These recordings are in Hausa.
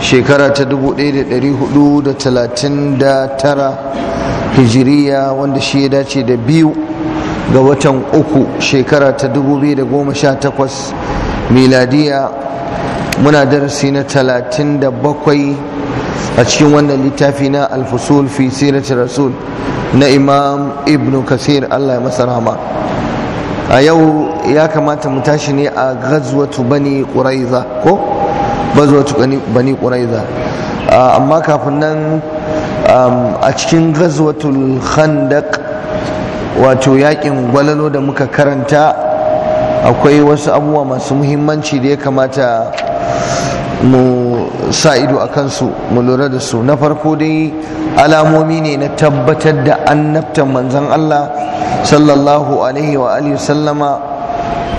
shekara ta 1439 hijiriya wanda shi ya dace da biyu ga watan uku shekara ta 2018 miladiya muna darasi na 37 a cikin wannan littafi na alfusul fi sirati rasul na imam ibn kasir allah ya masa rahama a yau ya kamata mu tashi ne a gazwatu bani ƙuraiza ko bazuwatu bani ƙuraiza amma kafin nan a cikin gazuwatul khandaq wato yakin gwalalo da muka karanta akwai wasu abubuwa masu muhimmanci da ya kamata mu sa ido a kansu mu lura da su na farko dai alamomi ne na tabbatar da annabtan manzon Allah sallallahu alaihi wa alihi sallama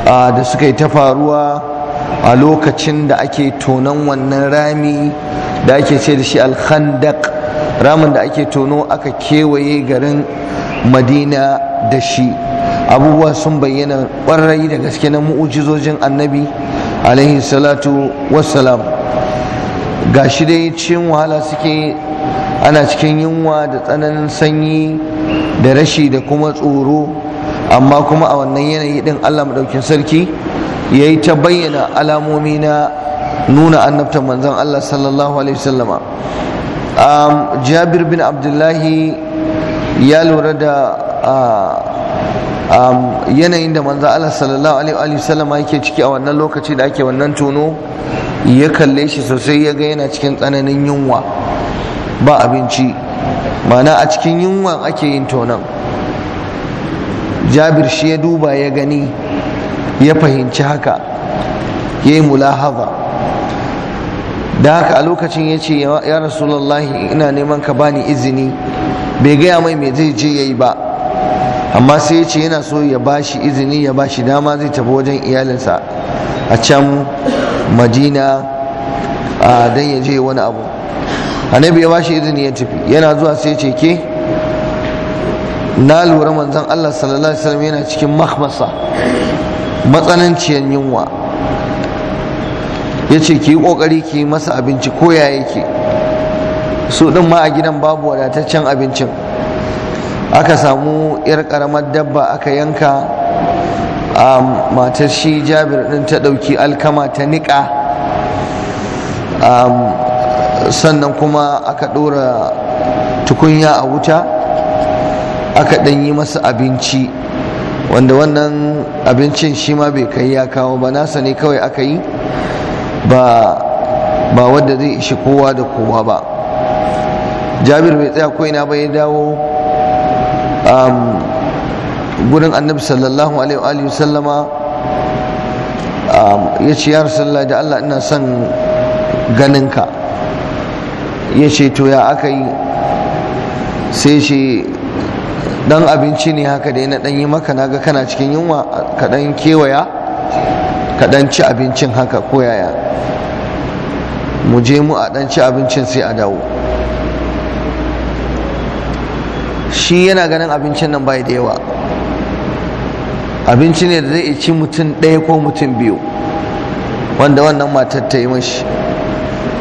da suka yi ta faruwa a lokacin da ake tonon wannan rami da ake ce da shi alkhandak ramin da ake tono aka kewaye garin madina da shi abubuwa sun bayyana kwarai da gaske na mu'ujizojin annabi alaihi salatu wassalam ga shi dai cin wahala suke ana cikin yunwa da tsananin sanyi da rashi da kuma tsoro amma kuma a wannan yanayi din allah maɗaukin sarki ya yi ta bayyana alamomi na nuna annabtan manzan Allah sallallahu alaihi wasallama jabir bin abdullahi ya lura da yanayin da manzan Allah sallallahu alaihi wasallama yake ciki a wannan lokaci da ake wannan tono ya kalle shi sosai ya ga yana cikin tsananin yunwa ba abinci mana a cikin yunwa ake yin tonon jabir shi ya duba ya gani ya fahimci haka ya yi mulahaza da haka a lokacin ya ce ya rasulallahi ina neman ka bani izini bai gaya mai mai zai je ya yi ba amma sai ya ce yana so ya bashi izini ya bashi dama zai tafi wajen iyalinsa a can madina don ya je wani abu annabi ya bashi izini ya tafi yana zuwa sai ya ce ke na lura manzon Allah sallallahu alaihi wasallam yana cikin mahmasa matsananciyar yunwa ya ce ki yi ƙoƙari ki yi masa abinci ko ya yake su din ma a gidan babu wadataccen abincin aka samu 'yar ƙaramar dabba aka yanka a matar shi jabir din ta ɗauki alkama ta niƙa sannan kuma aka ɗora tukunya a wuta aka ɗan yi masa abinci wanda wannan abincin shi ma bai kai ya kawo ba nasa ne kawai aka yi ba ba wanda zai ishi kowa da kowa ba jabir mai tsaya ko ina ba ya dawo um, gurin annabi sallallahu alaihi wasallama um, ya ce ya rasulallah da allah ina son ganinka ya ce to ya aka yi sai shi dan abinci ne haka da na dan yi maka naga kana cikin yunwa ka dan kewaya ka dan ci abincin haka ko yaya mu je mu a dan ci abincin sai a dawo shi yana ganin abincin nan bai da yawa abinci ne da zai ci mutum ɗaya ko mutum biyu wanda wannan matar ta yi mashi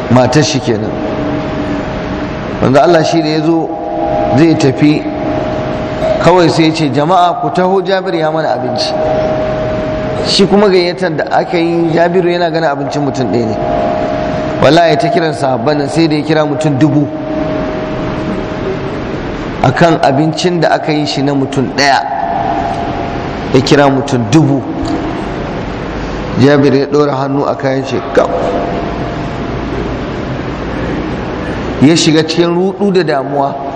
matar shi kenan wanda Allah shi da ya zo zai tafi kawai sai ce jama'a ku taho jabir ya mana abinci shi kuma gayyatar da aka yi jabiru yana gana abincin mutum ɗaya ne wallahi ta kiran sahabban nan sai da ya kira mutum dubu akan abincin da aka yi shi na mutum ɗaya ya kira mutum dubu jabir ya ɗora hannu a kayan shi ya shiga cikin rudu da damuwa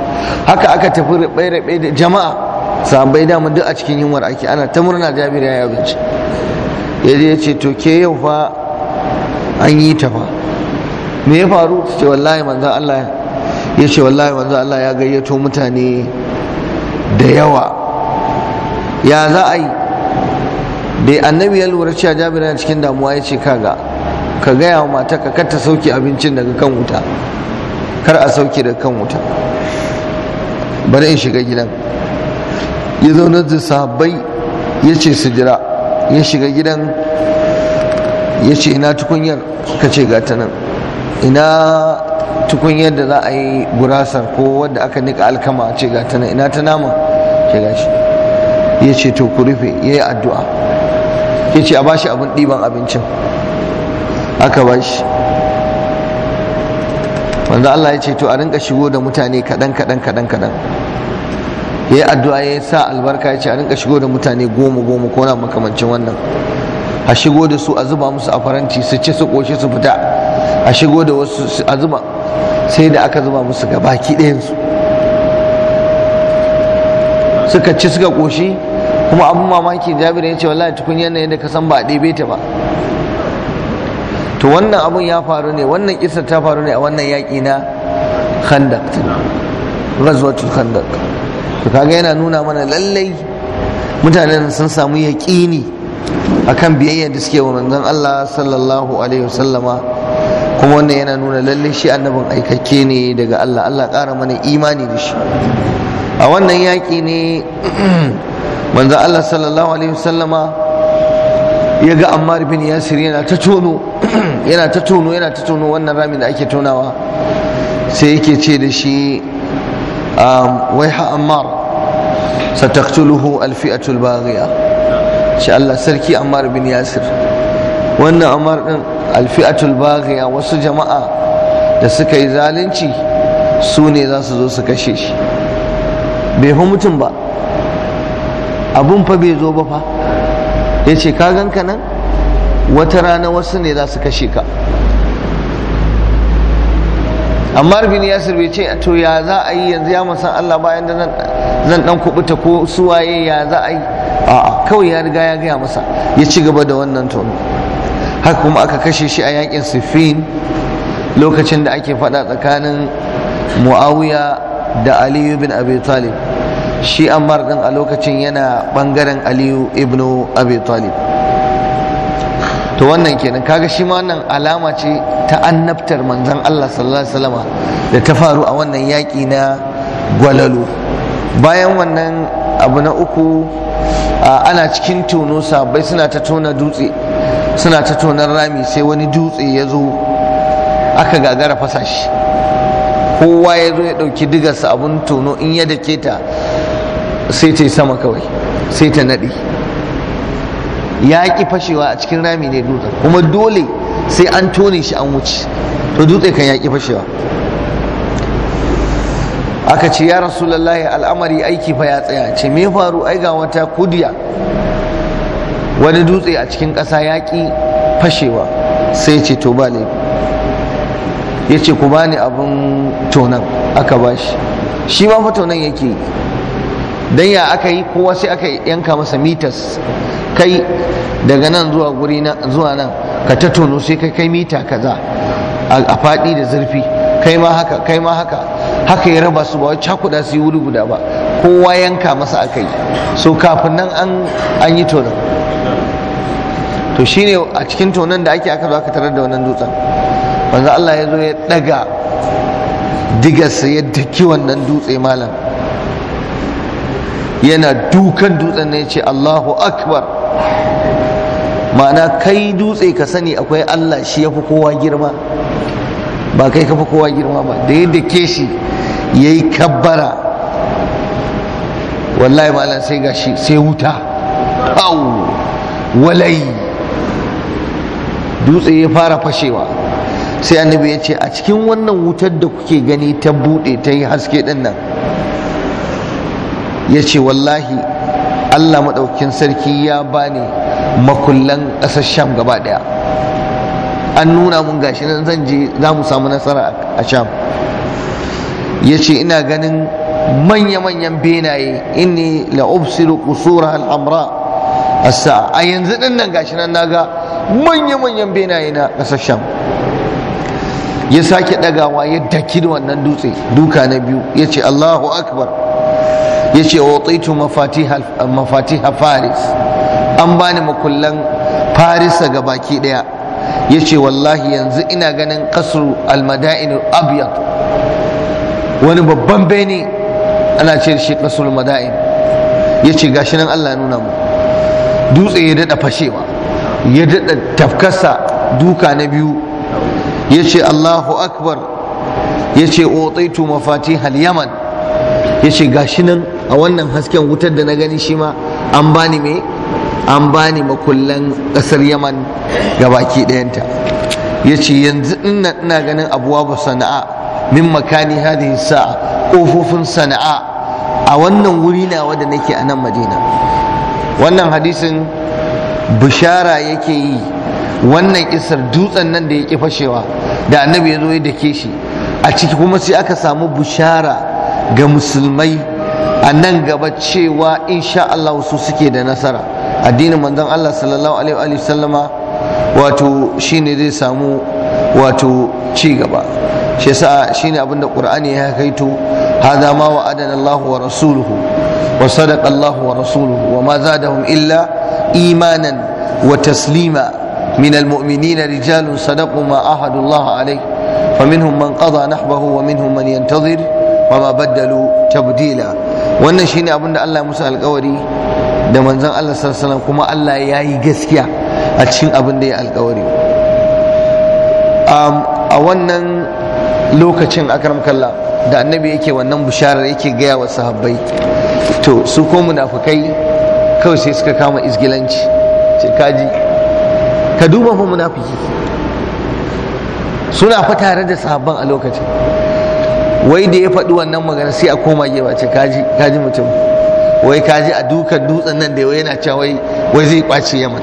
haka aka tafi rabe-rabe da jama'a Sabai damar duk a cikin yunwar ake ana ta murna jabir ya yi abinci ya je ya ce to ke yau fa an yi ta fa me ya faru su ce wallahi manzan Allah ya ce wallahi manzan Allah ya gayyato mutane da yawa ya za a yi dai annabi ya lura cewa jabir yana cikin damuwa ya ce kaga ka gaya wa mata ka kar ta sauke abincin daga kan wuta kar a sauke daga kan wuta bari in shiga gidan ya zauna da sahabbai ya ce su jira ya shiga gidan ya ce ina tukunyar ka ce gata nan ina tukunyar da za a yi gurasar ko wadda aka nika alkama ce gata nan ina ta nama ke gashi ya ce to ku rufe ya yi addu'a ya ce a bashi abin ɗiban abincin aka bashi wanda Allah ya ce to a rinka shigo da mutane kaɗan kaɗan kaɗan kaɗan ya yi addu'a ya sa albarka ya ce a rinka shigo da mutane goma goma ko na makamancin wannan a shigo da su a zuba musu a faranti su ci su ƙoshi su fita a shigo da wasu a zuba sai da aka zuba musu ga baki ɗayansu suka ci suka ƙoshi kuma abin mamaki jabirin ya ce wallahi tukunyar yanayin yadda ka san ba a ɗebe ta ba to wannan abun ya faru ne wannan kisa ta faru ne a wannan yaƙi na khandak ghazwatul khandak to kaga yana nuna mana lallai mutanen sun samu yaƙini akan biyayya da suke wa manzon Allah sallallahu alaihi wasallama kuma wannan yana nuna lallai shi annabin aikakke ne daga Allah Allah ƙara mana imani da shi a wannan yaƙi ne manzon Allah sallallahu alaihi wasallama ya ga ammar bin yasir yana ta tono yana ta tono yana ta tono wannan rami da ake tonawa sai yake ce da shi wai ha ammar sataktuluhu alfi'atul baghiya shi Allah sarki ammar bin yasir wannan ammar din alfi'atul baghiya wasu jama'a da suka yi zalunci su ne za su zo su kashe shi bai fi mutum ba abun fa bai zo ba fa ya ce ka nan wata rana wasu ne za su kashe ka Amma rufin yasir sirbe ce to ya za a yi yanzu ya masan Allah bayan da zan dan kubuta ko suwaye ya za a yi a'a kawai ya riga ya gaya masa ya ci gaba da wannan tono haka kuma aka kashe shi a yakin siffin lokacin da ake faɗa tsakanin muawiya da aliyu bin abi talib shi ammar din a lokacin yana bangaren aliyu ibnu abi talib to wannan kenan kaga shi ma wannan alama ce ta annabtar manzon Allah sallallahu alaihi wasallama da ta faru a wannan yaki na gwalalu bayan wannan abu na uku ana cikin tono sabai suna ta tona dutse suna ta tonar rami sai wani dutse ya zo aka gagara fasa shi kowa ya zo ya ɗauki digarsa abun tono in ya dake ta sai ta sama kawai sai ta naɗe ya ƙi fashewa a cikin rami ne dutsen kuma dole sai an tone shi an wuce to dutse kan ya ƙi fashewa aka ce ya rasu rasulallahi al'amari aiki fa ya tsaya ce me faru ai wata kudiya wani dutse a cikin ƙasa ya ƙi fashewa sai ce to ba ya ce ku bani abin tonan aka bashi shi ma fa tonan yake dan ya aka yi kowa sai aka yanka masa mitas kai daga nan zuwa guri zuwa nan ka ta tono sai kai kai mita kaza a faɗi da zurfi kai ma haka kai ma haka haka ya raba su ba wai cakuɗa su yi wuri guda ba kowa yanka masa aka yi so kafin nan an yi tono to shine a cikin tonon da ake aka zo aka tarar da wannan dutsen wanzu Allah ya zo ya daga digarsa yadda kiwon wannan dutse malam yana dukan dutsen ne ce Allahu akbar ma'ana kai dutse ka sani akwai Allah shi ya fi kowa girma ba kai ka fi kowa girma ba da yadda ke shi ya yi kabbara wallahi ma'ala sai shi sai wuta au walai dutse ya fara fashewa sai annabi ya ce a cikin wannan wutar da kuke gani ta buɗe ta yi haske ɗin nan ya ce wallahi allah maɗaukin sarki ya bani makullan ƙasar sham gaba ɗaya an nuna mun gashi nan zan je za mu samu nasara a sham ya ce ina ganin manya-manyan benaye inni la'ubsiru kusura al'amra a sa'a a yanzu ɗin nan gashi nan naga manya-manyan benaye na ƙasar sham ya sake ɗagawa ya daki da wannan dutse duka na biyu ya ce allahu akbar yace wataitu mafatiha faris an bani makullan farisa ga baki daya yace wallahi yanzu ina ganin kasru almada'in abyad wani babban bene ana ce shi almada'in mada'in yace gashi nan Allah nuna mu dutse ya dada fashewa ya dada tafkasa duka na biyu yace Allahu akbar yace otaitu mafatihal yaman yace gashi nan a wannan hasken wutar da na gani shi ma an bani me an bani makullan ƙasar yaman ga baki ɗayanta ya ce yanzu ina ina ganin abuwa ba sana'a min makani sa sa'a ƙofofin sana'a a wannan wuri nawa da nake a nan madina wannan hadisin bishara yake yi wannan isar dutsen nan da ya ƙi fashewa da annabi ya zo ya dake shi a ciki kuma sai aka samu bishara ga musulmai a nan gaba cewa insha Allah su suke da nasara addinin manzon Allah sallallahu alaihi wa sallama wato shine zai samu wato ci gaba shi yasa shine abinda qur'ani ya kaito hadha ma wa'adana Allah wa rasuluhu wa sadaqa Allah wa rasuluhu wa ma zadahum illa imanan wa taslima min almu'minina rijalun sadaqu ma ahadu Allah alaihi faminhum man qada nahbahu wa minhum man yantazir وما بدلوا تبديلا wannan shine abin da Allah ya musu alkawari da manzon Allah sallallahu kuma Allah ya yi gaskiya a cikin abin da ya alkawari a wannan lokacin akram kalla da annabi yake wannan bisharar yake gaya wa sahabbai to su ko munafukai kawai sai suka kama izgilanci ce kaji ka duba fa munafiki suna fa tare da sahabban a lokacin wai da ya faɗi wannan magana sai a koma gewa ce kaji mutum wai kaji a dukan dutsen nan da wai yana cewa wai wai zai kwace yaman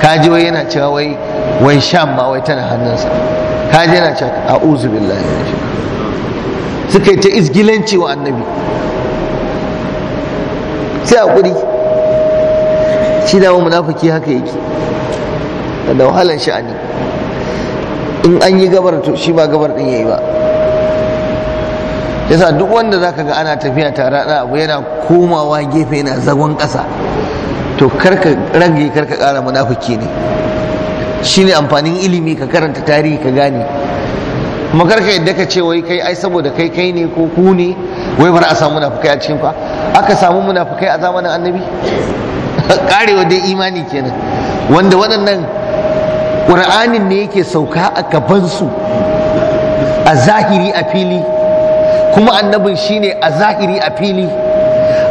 kaji wai yana cewa wai wai sham ma wai tana hannunsa kaji yana cewa a'udhu billahi suka yi ta izgilanci wa annabi sai a ƙuri? shi da munafiki haka yake da wahalar sha'ani in an yi gabar to shi ba gabar din yayi ba yasa duk wanda zaka ga ana tafiya tare da abu yana komawa gefe yana zagon kasa, to karka rage karka kara munafiki ne shine amfanin ilimi ka karanta tarihi ka gane kuma karka yadda ka ce wai kai ai saboda kai kai ne ko ku ne wai bara a samu munafukai a cikin ka aka samu munafukai a zamanin annabi karewa dai imani kenan wanda waɗannan ƙur'anin ne yake sauka a gabansu a zahiri a fili kuma annabin ne a zahiri a fili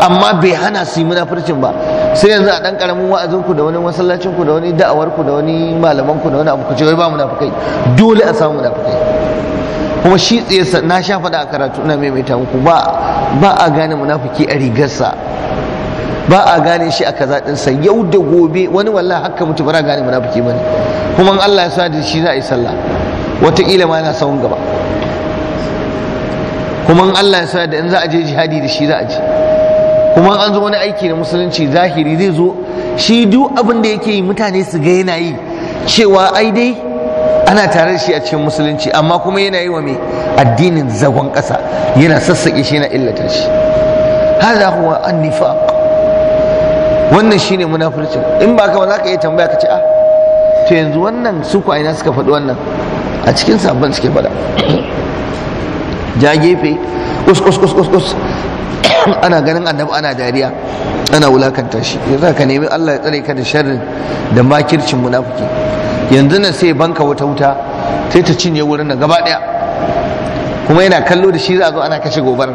amma bai hana su yi munafurcin ba sai yanzu a dan karamin wa'azin ku da wani masallacin ku da wani da'awar da wani malaman da wani abu ku ba munafukai dole a samu munafukai kuma shi tsaye na sha faɗa a karatu ina maimaita muku ba a gane munafuki a rigarsa ba a gane shi a kaza dinsa yau da gobe wani wallahi haka mutu ba gane munafiki bane kuma in Allah ya sa da shi za a yi sallah wataƙila ma yana sawun gaba kuma an Allah ya sa da in za a je jihadi da shi za a je kuma an zo wani aiki na musulunci zahiri zai zo shi duk abin da yake yi mutane su ga yana yi cewa ai dai ana tare da shi a cikin musulunci amma kuma yana yi wa mai addinin zagon ƙasa yana sassaƙe shi yana illata shi hada huwa annifaq wannan shine munafurcin in ba ka ba za ka iya tambaya ka ce a ah, to yanzu wannan su ku aina suka faɗi wannan a cikin sabon suke faɗa ja gefe us us us us us ana ganin annabi ana dariya ana wulakanta shi yasa ka nemi Allah ya tsare ka da sharrin da makircin munafiki yanzu na sai banka wata wuta sai ta cinye wurin nan gaba daya kuma yana kallo da shi za a zo ana kashe gobar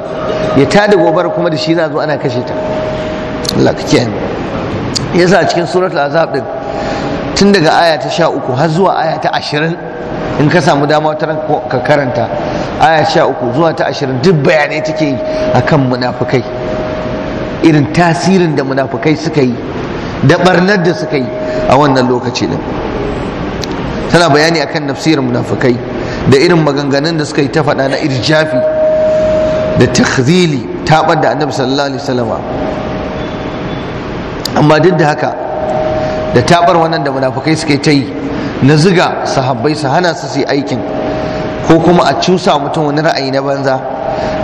ya tada gobar kuma da shi za a zo ana kashe ta Allah ka kiyaye yasa a cikin suratul azab din tun daga aya ta sha uku har zuwa aya ta ashirin in ka samu dama ta ka karanta aya sha uku zuwa ta ashirin duk bayanai take yi akan munafukai irin tasirin da munafukai suka yi da barnar da suka yi a wannan lokaci din tana bayani akan nafsirin munafukai da irin maganganun da suka yi ta faɗa na irjafi da takhzili taɓar da annabi sallallahu alaihi salama amma duk da haka da taɓar wannan da munafukai suka yi ta yi na ziga sahabbai su hana su su yi aikin ko kuma a cusa mutum wani ra'ayi na banza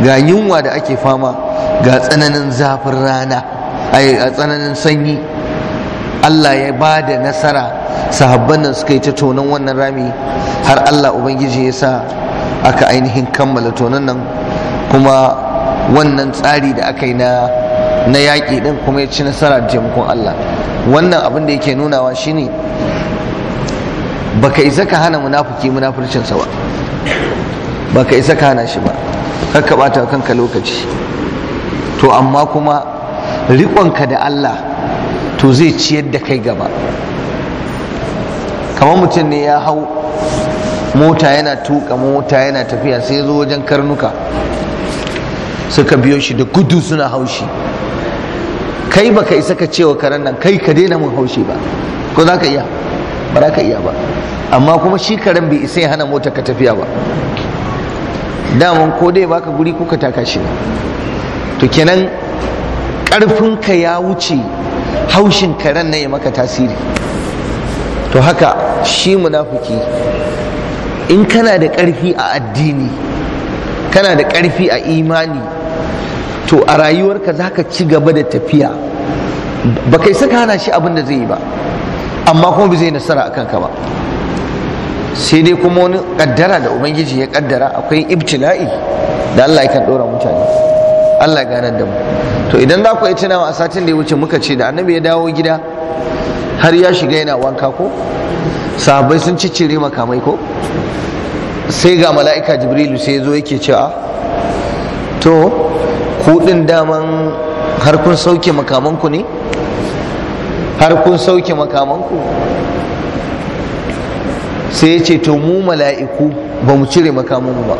ga yunwa da ake fama ga tsananin zafin rana a tsananin sanyi Allah ya ba da nasara sahabban nan suka yi ta tonon wannan rami har Allah Ubangiji ya sa aka ainihin kammala tonon nan kuma wannan tsari da aka yi na na yaƙi ɗin kuma ya ci nasara da taimakon Allah wannan abin da yake nunawa shine baka isa ka hana munafuki munafurcinsa ba ba ka isa kana shi ba kar ka bata kanka lokaci to amma kuma riƙonka da Allah to zai ciyar da kai gaba kamar mutum ne ya hau mota yana tuka mota yana tafiya sai zo wajen karnuka suka biyo shi da gudu suna haushi kai baka isa ka cewa karen nan kai ka daina mun haushi ba ko za ka iya ba za ka iya ba amma kuma shi karen bai isa ya hana mota ka tafiya ba daman ko dai baka guri ko ka taka shi to kenan karfinka ya wuce haushin karen na ya maka tasiri to haka shi munafuki in kana da ƙarfi a addini kana da karfi a imani to a rayuwarka za ka ci gaba da tafiya ba kai saka hana shi abin da zai yi ba amma kuma ba zai nasara a kanka ba sai dai kuma wani kaddara da ubangiji ya kaddara akwai ibtila'i da Allah ya kan dora mutane Allah ganar da mu to idan za ku yi tunawa a satin da ya wuce muka ce da annabi ya dawo gida har ya shiga yana wanka ko sahabbai sun ciccire makamai ko sai ga mala'ika jibrilu sai ya zo yake cewa to kuɗin daman harkun sauke makamanku ne har kun sauke makamanku sai ya ce to mu mala'iku ba mu cire makamanmu ba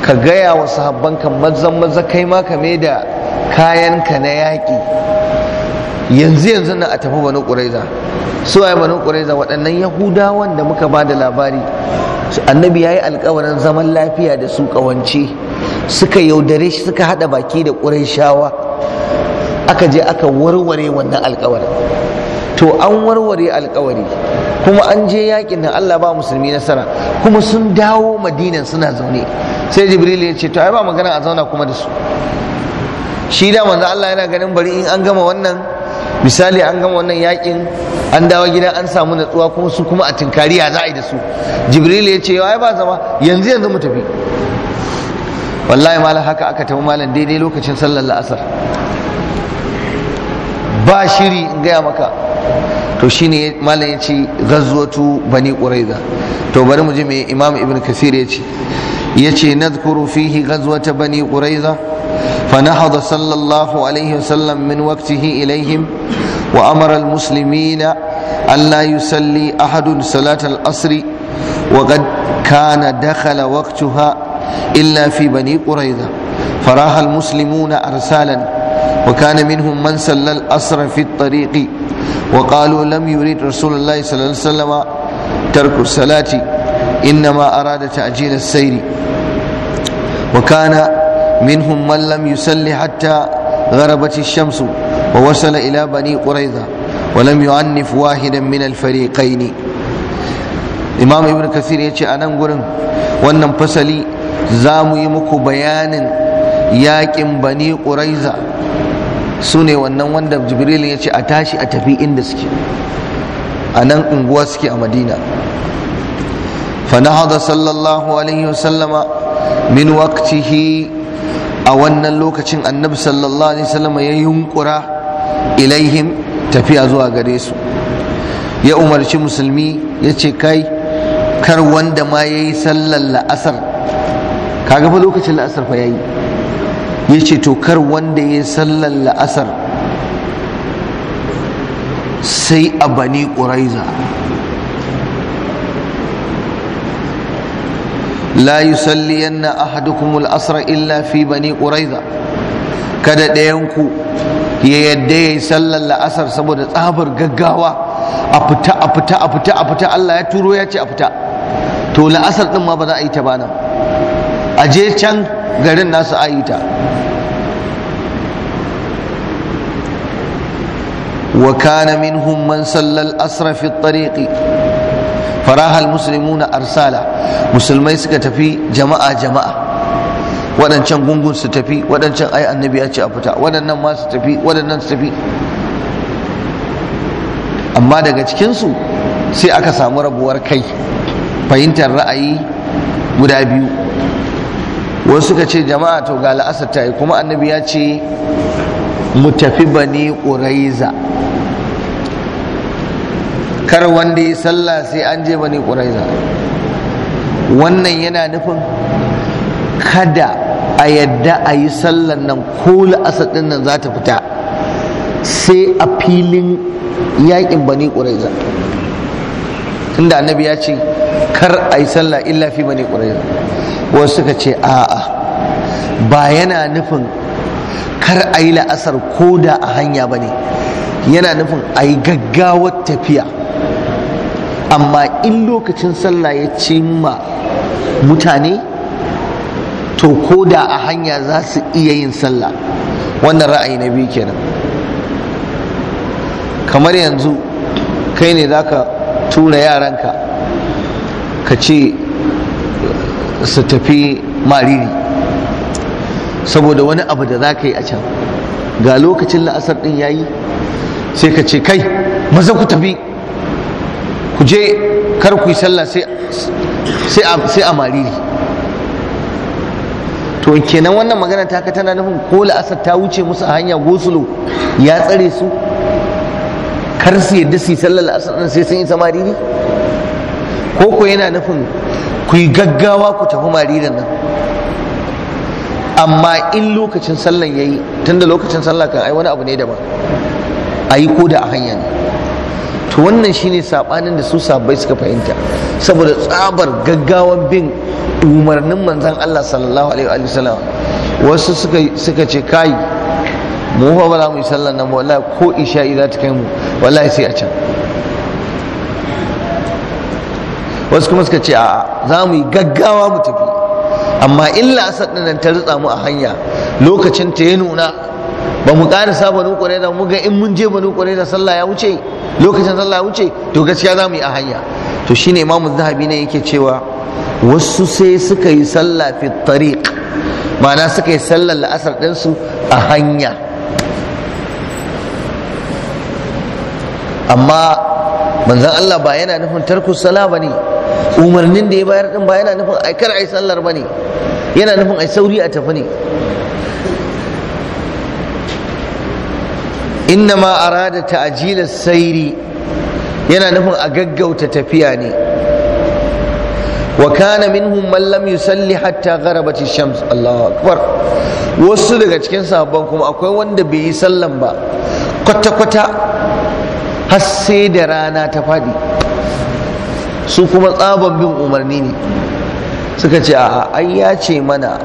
ka gaya wa sahabbanka mazan maza kai ma ka mai da kayanka na yaƙi yanzu yanzu na a tafi banu ƙuraiza su waye banu ƙuraiza waɗannan yahudawan da muka ba da labari annabi ya yi alkawarin zaman lafiya da su ƙawance suka yaudare shi suka haɗa baki da ƙuraishawa aka je aka warware wannan alkawar to an warware alkawari kuma an je yakin nan Allah ba musulmi nasara kuma sun dawo madinan suna zaune sai jibril ya ce to ai ba magana a zauna kuma da su shi da manzo Allah yana ganin bari in an gama wannan misali an gama wannan yakin an dawo gida an samu natsuwa kuma su kuma a tinkariya za a yi da su jibril ya ce ai ba zama yanzu yanzu mu tafi wallahi malam haka aka tafi malam daidai lokacin sallar la'asar ba shiri in gaya maka to shine malam ya ce ghazwatu bani quraiza to bari mu ji me imam ibn kasir ya ce ya ce nadhkuru fihi ghazwata bani quraiza فنهض صلى الله عليه وسلم من وقته إليهم وأمر المسلمين ألا يصلي أحد صلاة العصر وقد كان دخل وقتها إلا في بني قريظة فراها المسلمون أرسالا وكان منهم من سل الأسر في الطريق وقالوا لم يريد رسول الله صلى الله عليه وسلم ترك الصلاة إنما أراد تعجيل السير وكان منهم من لم يسل حتى غربت الشمس ووصل إلى بني قريظة ولم يعنف واحدا من الفريقين imam ibn kasir ya ce a nan gurin wannan fasali za mu yi muku bayanin yakin bani ƙuraiza su ne wannan wanda jibril ya ce a tashi a tafi inda suke a nan unguwa suke a madina fanahada sallallahu alaihi wasallama min waqtihi a wannan lokacin annabi sallallahu alaihi wasallama ya yunkura ilaihim tafiya zuwa gare su ya umarci musulmi ya ce kai kar wanda ma ya yi sallar la'asar kaga fa lokacin la'asar fa ya yi ya ce to kar wanda ya sallar la'asar sai a bani ƙuraiza la yusalliyanna ahadukumul asra illa fi bani ƙuraiza kada ɗayanku ya yadda ya yi sallar la'asar saboda tsabar gaggawa a fita a fita a fita a fita Allah ya turo ya ce a fita to la'asar ɗin ma ba za a yi ta ba nan a je can garin nasu ayita wa kana minhum man sallal asra fi tariqi faraha almuslimuna arsala musulmai suka tafi jama'a jama'a waɗancan gungun su tafi waɗancan ai annabi ya ce a fita waɗannan ma su tafi waɗannan su tafi amma daga cikinsu sai aka samu rabuwar kai fahimtar ra'ayi guda biyu wasu suka ce jama'a to ga la'asar ta yi kuma annabi ya ce mu tafi bani ƙuraiza kar wanda ya sallah sai an je bani ƙuraiza wannan yana nufin kada a yadda a yi sallan nan ko la'asar ɗin nan za ta fita sai a filin yaƙin bani ƙuraiza tunda annabi ya ce kar a yi sallah illa fi bani quraiza wasu suka ce a'a ba yana nufin kar a yi la'asar ko da a hanya ba ne yana nufin a yi gaggawar tafiya amma in lokacin sallah ya cimma mutane to ko da a hanya za su iya yin sallah wannan ra'ayi na biyu kenan kamar yanzu kai ne za ka tura yaranka ka ce su tafi mariri saboda wani abu da za ka yi a can ga lokacin la'asar ɗin ya yi sai ka ce kai maza ku tafi ku je kar ku yi sallah sai a mariri to kenan wannan magana ta ka tana nufin ko la'asar ta wuce musu a hanya gosulo ya tsare su kar su yadda su yi sallar asar din sai sun yi samari ne ko ko yana nufin ku yi gaggawa ku tafi maririn nan amma in lokacin yi, tun tunda lokacin sallar kan ai wani abu ne daban a yi ko da a hanya ne to wannan shine sabanin da su sabai suka fahimta saboda tsabar gaggawan bin umarnin manzon Allah sallallahu alaihi wasallam wasu suka suka ce kai mu fa ba za mu yi sallar nan wallahi ko isha'i za ta kai mu wallahi sai a can wasu kuma suka ce a'a za mu yi gaggawa mu tafi amma illa asad nan ta ritsa mu a hanya lokacin ta ya nuna ba mu karisa banu ƙwarai da mu ga in mun je ba banu ƙwarai da sallah ya wuce lokacin sallah ya wuce to gaskiya za mu yi a hanya to shine imamu zahabi ne yake cewa wasu sai suka yi sallah fi tariq ma'ana suka yi sallar la'asar ɗinsu a hanya amma manzon Allah ba yana nufin tarku sala bane umarnin da ya bayar din ba yana nufin ai a yi sallar bane yana nufin ai sauri a tafi ne innama arada ta'jila sairi yana nufin a gaggauta tafiya ne wa kana minhum man lam yusalli hatta gharabat ash-shams Allahu akbar wasu daga cikin sahabban kuma akwai wanda bai yi sallan ba kwata kwata har sai da rana ta faɗi su kuma tsaban bin umarni ne suka ce a ai ya ce mana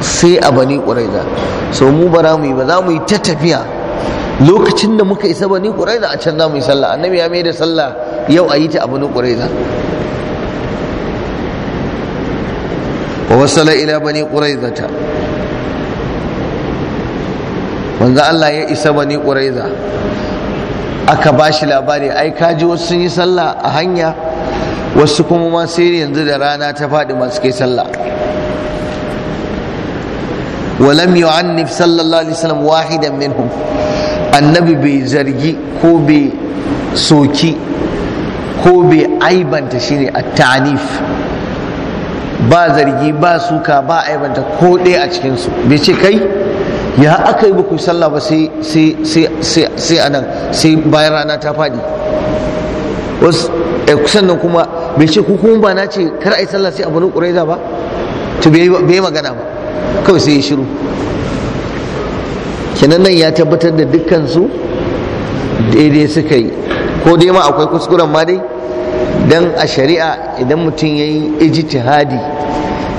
sai a bani ƙuraiza so mu ba za mu yi ba za mu yi ta tafiya lokacin da muka isa bani ƙuraiza a can za mu yi sallah annabi ya mai da sallah yau a yi ta a bani ƙuraiza wa wasala ila bani ta manzo Allah ya isa bani ƙuraiza aka ba shi labari ai kaji wasu sun yi sallah a hanya wasu kuma ma sai yanzu da rana ta faɗi masu kai sallah walam yu'annif sallallahu alaihi wasallam wahidan minhum annabi bai zargi ko bai soki ko bai aibanta shine at-ta'nif ba zargi ba suka ba aibanta ko ɗaya a su bai ce kai ya aka yi baku sallah ba sai a nan sai bayan rana ta faɗi eh, nan kuma bai ce ku ba na ce kar a yi sallah sai a bani ƙuraiza ba to bai yi magana ba kawai sai ya shiru kenan nan ya tabbatar da dukkan su daidai suka yi ko dai ma akwai kuskuren ma dai dan a shari'a idan mutum ya yi ijtihadi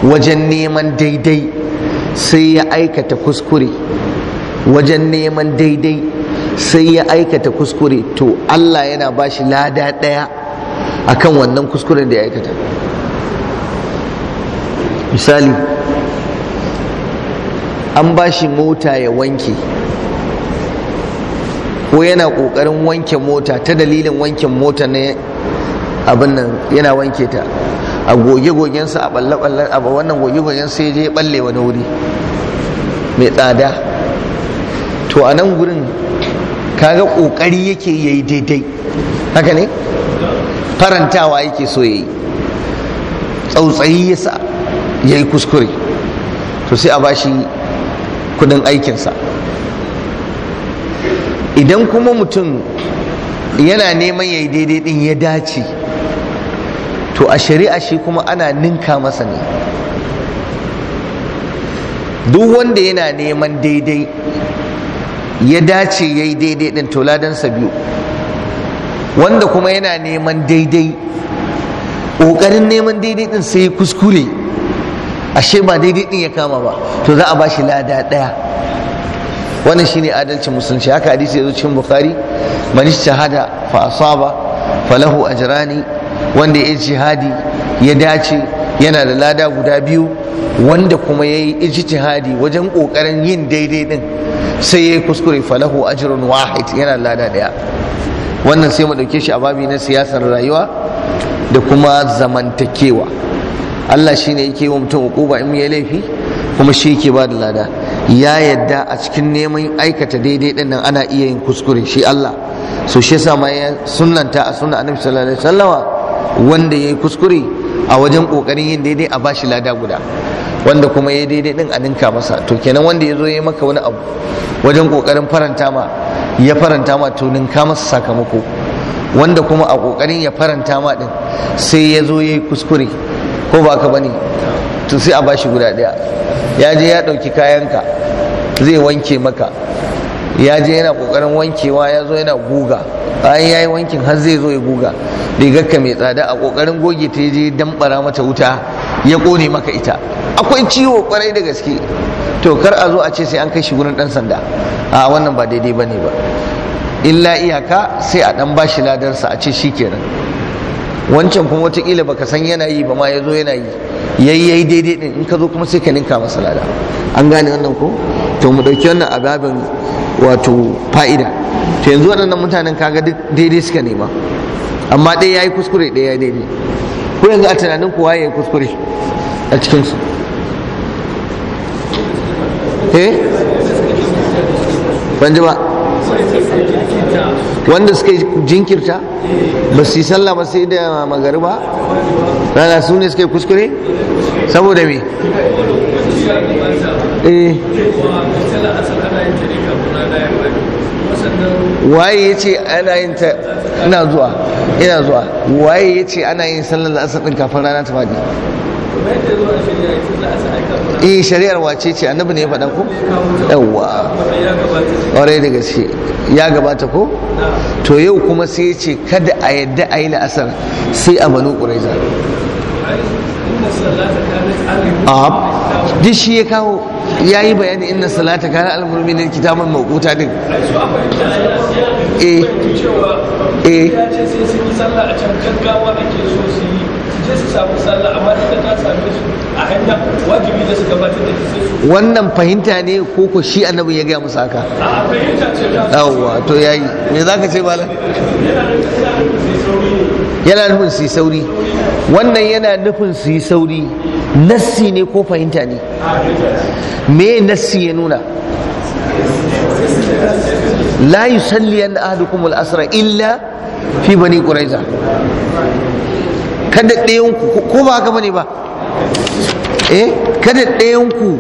wajen neman daidai sai ya aikata kuskure wajen neman daidai sai ya aikata kuskure to Allah yana ba shi lada ɗaya akan wannan kuskuren da ya aikata misali an ba shi mota ya wanke ko yana ƙoƙarin wanke mota ta dalilin wanke mota na abin nan yana wanke ta a goge-gogensa a balle-ballen a wannan goge-gogen sai je balle wani wuri mai tsada to a nan gurin kaga kokari yake yayi daidai haka ne farantawa yake so yayi tsautsayi yasa yayi kuskure to sai a bashi kudin aikinsa idan kuma mutum yana neman yayi daidai din ya dace to a shari'a shi kuma ana ninka masa ne duk wanda yana neman daidai ya dace ya yi daidai ɗin to ladansa biyu wanda kuma yana neman daidai ƙoƙarin neman daidai ɗin sai kuskure ashe ba daidai ɗin ya kama ba to za a ba shi lada ɗaya wannan shine adalcin musulunci haka hadisi ya zo cikin bukhari man Hada, fa asaba falahu ajrani wanda ya jihadi ya dace yana da lada guda biyu wanda kuma ya yi ijtihadi wajen kokarin yin daidai din sai ya yi kuskure falahu ajrun wahid yana da lada daya wannan sai mu ɗauke shi a babi na siyasar rayuwa da kuma zamantakewa Allah shi ne yake wa mutum hukuma in ya laifi kuma shi yake ba da lada ya yadda a cikin neman aikata daidai din nan ana iya yin kuskure shi Allah so shi yasa ma ya sunnanta a sunna annabi sallallahu alaihi wasallama wanda ya yi kuskure a wajen kokarin yin daidai a bashi lada guda wanda kuma ya daidai din a ninka masa to kenan wanda ya zo ya maka wani abu wajen kokarin faranta ma ya faranta ma to ninka masa sakamako wanda kuma a kokarin ya faranta ma din sai ya zo ya yi kuskure ko ba ka bane to sai a bashi guda daya ya je ya dauki kayanka zai wanke maka ya je yana kokarin wankewa ya zo yana guga bayan ya yi wankin har zai zo ya guga rigarka mai tsada a kokarin goge ta je dambara mata wuta ya kone maka ita akwai ciwo kwarai da gaske to kar a zo a ce sai an kai shi gurin dan sanda a wannan ba daidai bane ba illa iyaka sai a dan bashi ladarsa a ce shikenan wancan kuma watakila baka san yana yi ba ma ya zo yana yi yayi yayi daidai din in ka zo kuma sai ka ninka masa lada an gane wannan ko to mu dauki wannan ababin wato fa'ida to yanzu waɗannan mutanen kaga duk daidai suka nema amma ɗaya ya yi kuskure ɗaya ya daidai ko yanzu a tunanin kowa ya yi kuskure a cikinsu eh ban ji ba wanda suka jinkirta ba su yi sallah ba sai da magariba rana su ne suka yi kuskure saboda me Eh. waye ya ce ana yin ta ina zuwa ina zuwa waye ana yin sallar asar din kafin rana ta faɗi eh shari'ar wace ce annabi ne ya faɗa ko yawwa ƙwarai da gaske ya gabata ko to yau kuma sai ya ce kada a yadda a yi la'asar sai a banu ƙuraiza a duk shi ya kawo ya yi bayani inna salata kana al-mu'minin kitabun mawquta din eh eh wannan fahimta ne ko ko shi annabi ya gaya musu haka a fahimta ce ta yawa to yayi me zaka ce bala yana nufin su yi sauri wannan yana nufin su yi sauri nassi ne ko fahimta ne me nassi ya nuna la salli ahadukum al-asra illa fi bani quraiza kada ɗayan ku ko ba haka bane ba eh kada ɗayan ku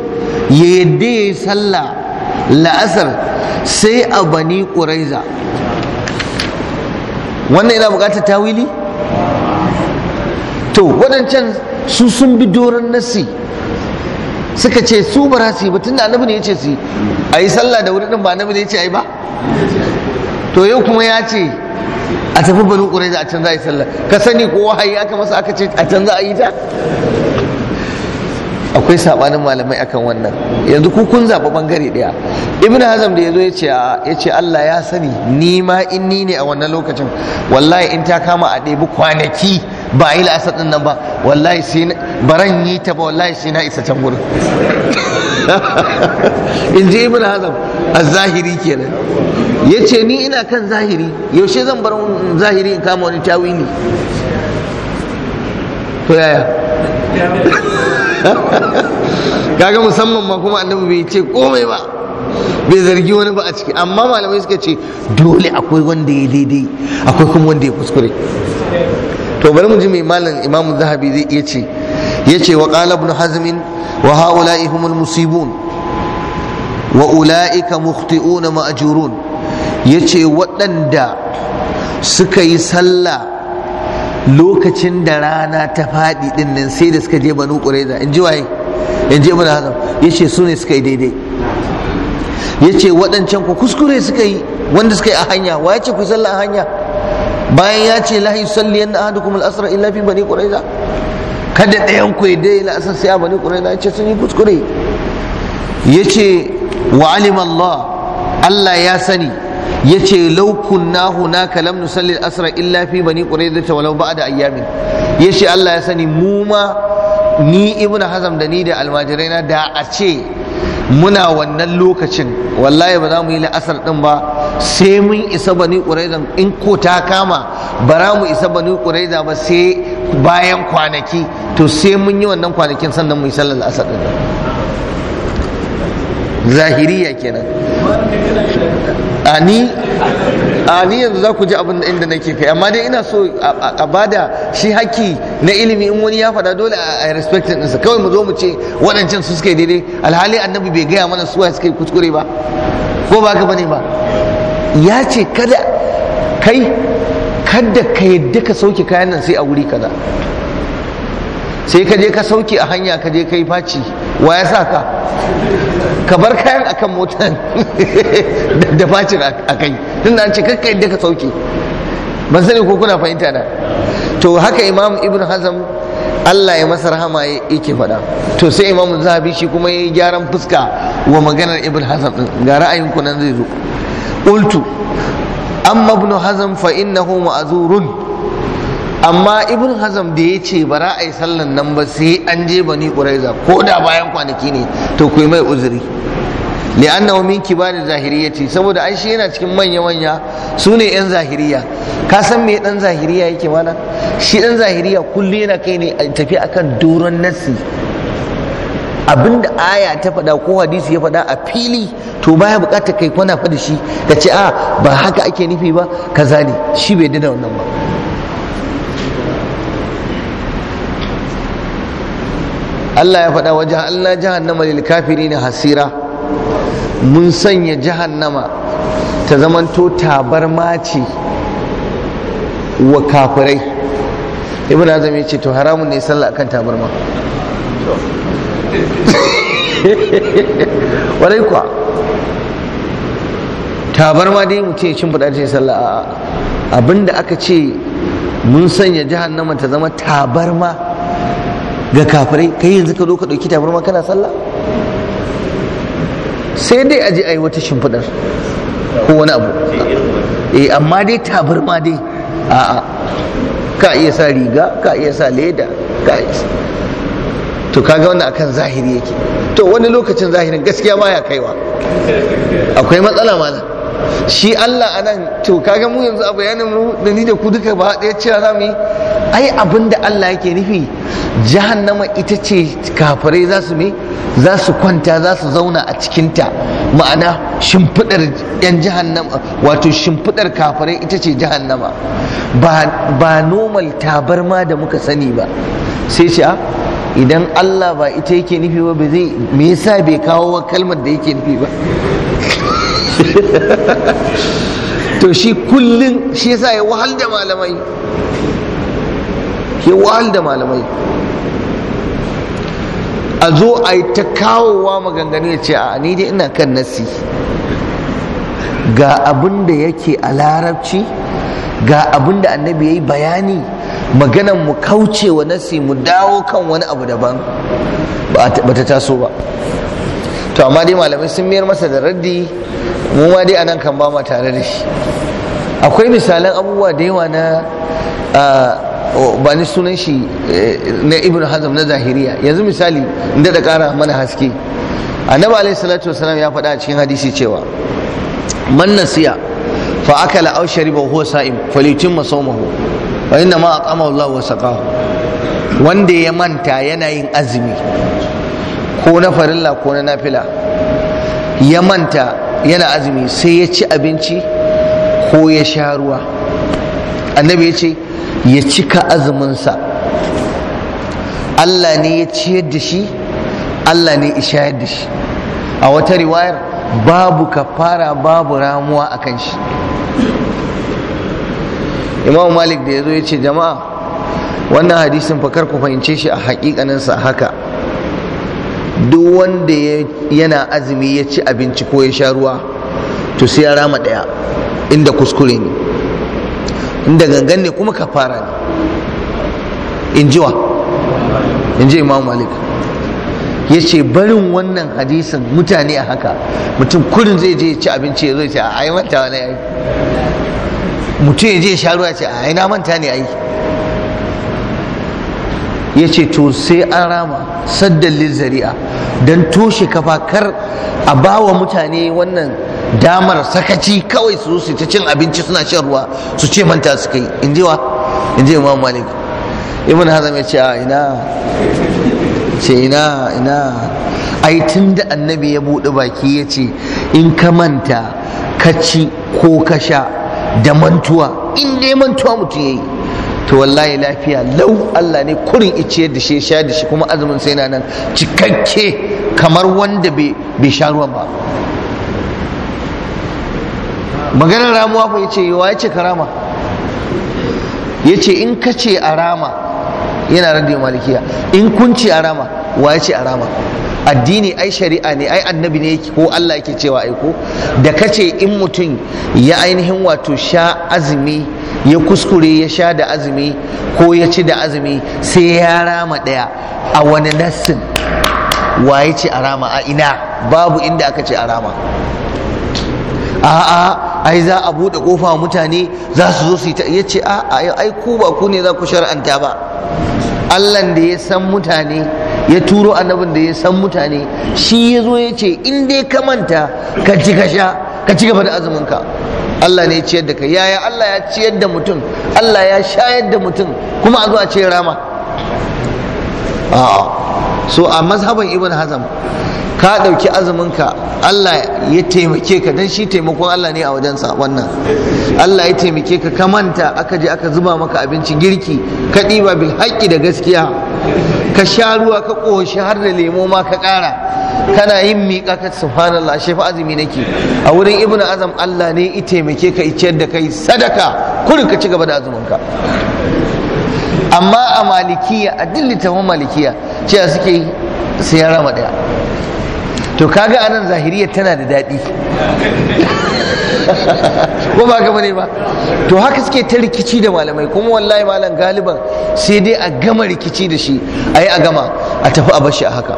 ya yadda ya yi sallah la'asar sai a bani quraiza wannan yana buƙatar tawili to waɗancan su sun bi doron nasi suka ce su ba su yi ba tunda annabi ne ya ce su yi a yi sallah da wuri din ba annabi ne ya ce a yi ba to yau kuma ya ce a tafi banu ƙurai a can za a yi sallah ka sani ko wahayi aka masa aka ce a can za a yi ta akwai sabanin malamai akan wannan yanzu ku kun zaɓa ɓangare ɗaya ibn hazam da ya zo ah, ya ce allah ya sani ni ma in ni ne a wannan lokacin wallahi in ta kama a ɗebi kwanaki ba a yi la'asar ɗin nan ba wallahi sai baran yi ta ba wallahi sai na isa can gurin in ji ibn hazam a zahiri kenan ya ce ni ina kan zahiri yaushe zan bar zahiri in kama wani ne to yaya kaga musamman ma kuma annabi bai ce komai ba bai zargi wani ba a ciki amma malamai suka ce dole akwai wanda ya daidai akwai kuma wanda ya kuskure to bari mu ji mai malam imam zahabi zai iya ce ya ce wa qala ibn hazmin wa haula'i humul musibun wa ula'ika mukhti'una ma'jurun yace waɗanda suka yi sallah lokacin da rana ta faɗi ɗin nan sai da suka je banu da, in ji waye in ji ibn Ya yace su ne suka yi daidai yace waɗancan ku kuskure suka yi wanda suka yi a hanya wa yace ku sallah a hanya bayan ya ce la yusalli yanna ahadukum al-asra illa fi bani quraiza kada ɗayan ku dai la asar sai a bani quraiza ce sun yi kuskure yace wa alima Allah Allah ya sani yace law kunna hunaka lam nusalli al-asra illa fi bani quraiza walau ba'da ayyamin yace Allah ya sani mu ma ni ibnu hazam da ni da almajirai na da a ce muna wannan lokacin wallahi ba za mu yi la'asar din ba sai mun isa bani ƙuraiza in ko ta kama bara mu isa bani ƙuraida ba sai bayan kwanaki to sai mun yi wannan kwanakin sannan mu yi sallar asar ya zahiriya kenan ani ani yanzu za ku ji abin inda nake kai amma dai ina so a bada shi haki na ilimi in wani ya faɗa dole a respect ɗinsa kawai mu zo mu ce waɗancan su suka yi daidai alhali annabi bai gaya mana suwa suka yi kuskure ba ko ba ka bane ba ya ce kada kai kada ka yadda ka sauke kayan nan sai a wuri kaza sai ka je ka sauke a hanya ka je ka faci wa ya sa ka ka bar kayan kan motan da faci a kai tun da an ce kakka yadda ka sauke ban sani ko kuna fahimta da to haka imam ibn hazam Allah ya masa rahama yake faɗa to sai imam zahabi shi kuma ya yi gyaran fuska wa maganar ibn hazam ga ra'ayin ku nan zai zo qultu amma ibn hazm fa innahu zurun amma ibin hazam da ya ce ba za a yi sallan nan ba sai an je bani quraiza ko da bayan kwanaki ne to ku yi mai uzuri li'annahu da zahiriya ce saboda an shi yana cikin manya manya su ne yan zahiriya ka san me dan zahiriya yake mana shi dan zahiriya kulle yana kai ne tafi akan doron nasi Abin da aya ta faɗa ko hadisi ya faɗa a fili to baya buƙatar kai kwana faɗi shi ka ce a ah, ba haka ake nufi ba kaza ne shi bai dada wannan ba Allah ya faɗa wa Allah jahannama lil ne hasira mun sanya jahannama ta zamanto tabarma ce wa kafirai ibn azam ya ce to haramun ne sallah akan tabarma warai kuwa tabar ma dai mu ce shin fada ce sallah abinda aka ce mun sanya jahannama ta zama tabarma ga kafirai kai yanzu ka zo ka ɗauki tabarma kana sallah sai dai aji a wata shimfiɗar ko wani abu eh amma dai tabarma dai a'a ka iya sa riga ka iya sa leda ka iya to kaga wannan akan zahiri yake to wani lokacin zahirin gaskiya baya kaiwa akwai matsala mana shi Allah anan to kaga mu yanzu a bayanin mu da ni da ku duka ba ɗaya cewa za mu yi ai abin da Allah yake nufi jahannama ita ce kafirai za su me za su kwanta za su zauna a cikinta ma'ana shimfiɗar yan jahannama wato shimfiɗar kafirai ita ce jahannama ba normal tabarma da muka sani ba sai ce ah, idan Allah ba ita yake nufi ba ba zai me yasa bai kawo kalmar da yake nufi ba to shi kullum shi yasa ya wahal da malamai ya wahal da malamai a zo a yi ta kawowa maganganu ya ce a ni dai ina kan nasi ga abin da yake a larabci ga abin da annabi ya yi bayani maganan mu kauce wa nasi mu dawo kan wani abu daban ba ta taso ba to amma dai malamai sun miyar masa da raddi mu ma dai anan kan ba ma tare da shi akwai misalan abubuwa da yawa na ba ni sunan shi e, na ibn hazm na zahiriya yanzu misali inda da kara mana haske annabi alaihi salatu wasalam ya faɗa a cikin hadisi cewa man nasiya fa akala aw shariba huwa sa'im falyutimma sawmahu wa inna ma aqama Allah wa saqahu wanda ya manta yana yin azumi ko na farilla ko na nafila ya manta yana azumi sai ya ci abinci ko ya sha ruwa annabi ya ce ya cika azuminsa Allah ne ya ciyar da shi Allah ne ya shayar da shi a wata riwayar babu kafara babu ramuwa akan shi imam malik da ya zo ya ce jama'a wannan hadisin fakar ku fahimce shi a hakikaninsa haka duk wanda yana azumi ya ci abinci ko ya sha ruwa to sai ya rama ɗaya inda kuskure ne inda gangan ne kuma ka fara ne in jiwa in ji imam malik ya ce barin wannan hadisin mutane a haka mutum kurin zai je ci abinci ya zo ce a ai na wani mutum ya je sha ruwa ce a ina manta ne ai ya ce to sai an rama saddan zari'a don toshe kafakar a ba wa mutane wannan damar sakaci kawai su su ta cin abinci suna shan ruwa su ce manta su kai in ji wa in ji imam malik ibn hazam ya ce a ina ce ina ina ai tun da annabi ya buɗe baki ya ce in ka manta ka ci ko ka sha da mantuwa in dai mantuwa mutum ya yi, to wallahi lafiya lau Allah ne kurin ice da shi sha da shi kuma azumin sai na nan cikakke kamar wanda bai sha ruwa ba maganar ramuwa ku yace yawa yace karama yace in ka ce a rama yana radiyar malikiya in kun ce a wa ya ce a addini ai shari'a ne ai annabi ne ko Allah yake cewa aiko da kace in mutum ya ainihin wato sha azumi ya kuskure ya sha da azumi ko ya ci da azumi sai ya rama daya a wani nassin waye ce a rama a ina babu inda aka ce a rama a'a ai za a buɗe kofa mutane za su zo su yi ta ya ce a'a ai ku ba ku ne za ku shar'anta ba Allah da ya san mutane ya turo annabin da ya san mutane shi ya zo ya ce in dai ka manta ka ci ka sha ka ci gaba da azumin ka Allah ne ya ciyar da kai yaya Allah ya ciyar da mutum Allah ya shayar da mutum kuma a zo a ce rama so a mazhaban ibn hazam ka ɗauki azuminka Allah ya taimake ka don shi taimakon Allah ne a wajensa wannan Allah ya taimake ka ka manta aka je aka zuba maka abinci girki ka ɗiba bil haƙƙi da gaskiya ka sha ruwa ka ƙoshi har da lemo ma ka ƙara kana yin miƙa ka subhanallah shi fa azumi nake a wurin ibnu azam Allah ne ya taimake ka iciyar da kai sadaka kurin ka ci gaba da azuminka amma a malikiya a dillita malikiya cewa suke sai ya rama daya to kaga anan zahiriyya tana da dadi. ko ba gaba ne ba to haka suke ta rikici da malamai kuma wallahi malam galiban sai dai a gama rikici da shi ayi a gama a tafi a bashi a haka